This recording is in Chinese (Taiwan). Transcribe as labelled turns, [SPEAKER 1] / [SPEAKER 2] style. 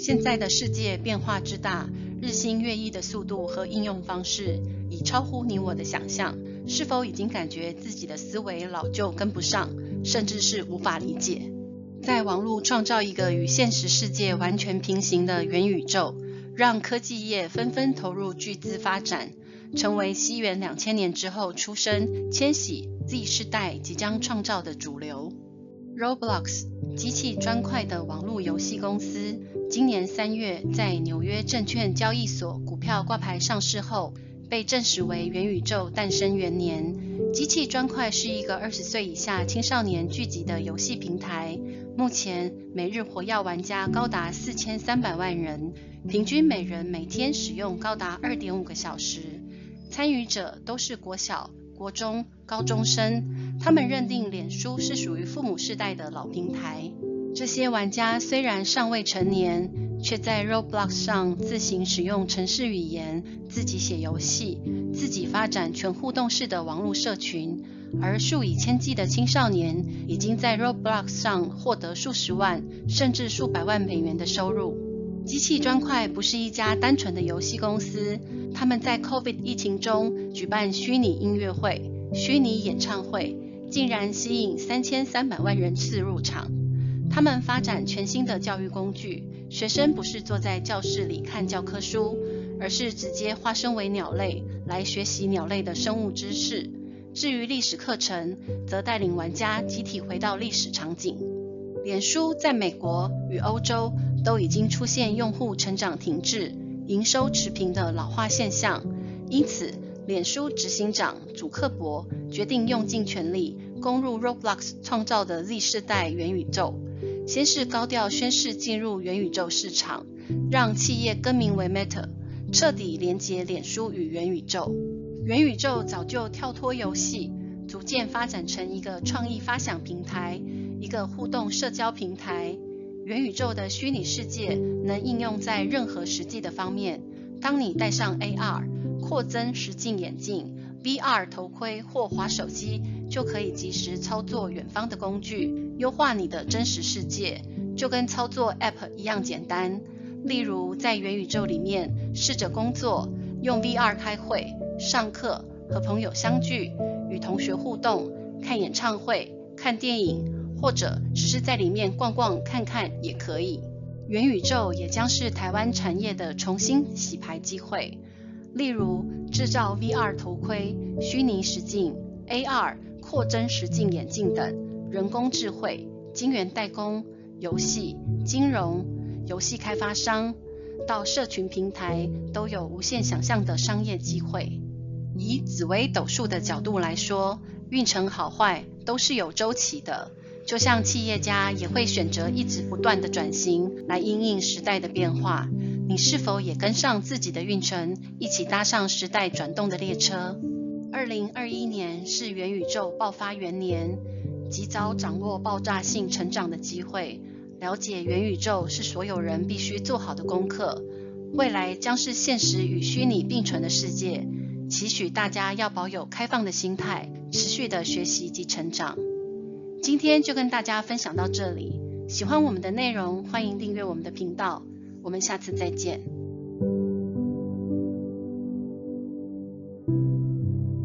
[SPEAKER 1] 現在的世界變化之大，日新月異的速度和應用方式，已超乎你我的想象。是否已經感覺自己的思維老舊跟不上，甚至是無法理解？在網絡創造一個與現實世界完全平行的元宇宙，讓科技業紛紛投入巨資發展，成為西元兩千年之後出生、千禧 Z 世代即將創造的主流。Roblox。機器磚塊的網絡遊戲公司，今年三月在紐約證券交易所股票掛牌上市後，被證實為元宇宙誕生元年。機器磚塊是一個二十歲以下青少年聚集的遊戲平台，目前每日活躍玩家高達四千三百萬人，平均每人每天使用高達二點五個小時。參與者都是國小、國中、高中生。他們認定臉書是屬於父母世代的老平台。這些玩家雖然尚未成年，卻在 Roblox 上自行使用程式語言，自己寫遊戲，自己發展全互動式的網絡社群。而數以千計的青少年已經在 Roblox 上獲得數十萬甚至數百萬美元的收入。機器磚塊不是一家單純的遊戲公司，他們在 COVID 疫情中舉辦虛擬音樂會、虛擬演唱會。竟然吸引三千三百萬人次入場。他們發展全新的教育工具，學生不是坐在教室裡看教科書，而是直接化身為鳥類來學習鳥類的生物知識。至於歷史課程，則帶領玩家集體回到歷史場景。臉書在美國與歐洲都已經出現用戶成長停滯、營收持平的老化現象，因此，臉書執行長祖克伯決定用盡全力攻入 Roblox 創造的 Z 世代元宇宙，先是高調宣示進入元宇宙市場，讓企業更名為 Meta，徹底連結臉書與元宇宙。元宇宙早就跳脫遊戲，逐漸發展成一個創意發想平台，一個互動社交平台。元宇宙的虛擬世界能應用在任何實際的方面，當你戴上 AR，擴增實境眼鏡、VR 頭盔或滑手機，就可以即時操作遠方的工具，優化你的真實世界，就跟操作 App 一樣簡單。例如，在元宇宙裡面試着工作，用 VR 開會、上課、和朋友相聚、與同學互動、看演唱會、看電影，或者只是在裡面逛逛看看也可以。元宇宙也將是台灣產業的重新洗牌機會。例如，製造 VR 頭盔、虛擬實境、AR 擴增實境眼鏡等；人工智慧、晶圓代工、遊戲、金融、遊戲開發商，到社群平台，都有無限想象的商業機會。以紫微斗數的角度來說，運程好壞都是有周期的。就像企業家也會選擇一直不斷的轉型，來因應時代的變化。你是否也跟上自己的運程，一起搭上時代轉動的列車？二零二一年是元宇宙爆發元年，及早掌握爆炸性成長的機會。了解元宇宙是所有人必須做好的功課。未來將是現實與虛擬並存的世界，期許大家要保有開放的心態，持續的學習及成長。今天就跟大家分享到這裡。喜歡我們的內容，歡迎訂閱我們的頻道。我們下次再見。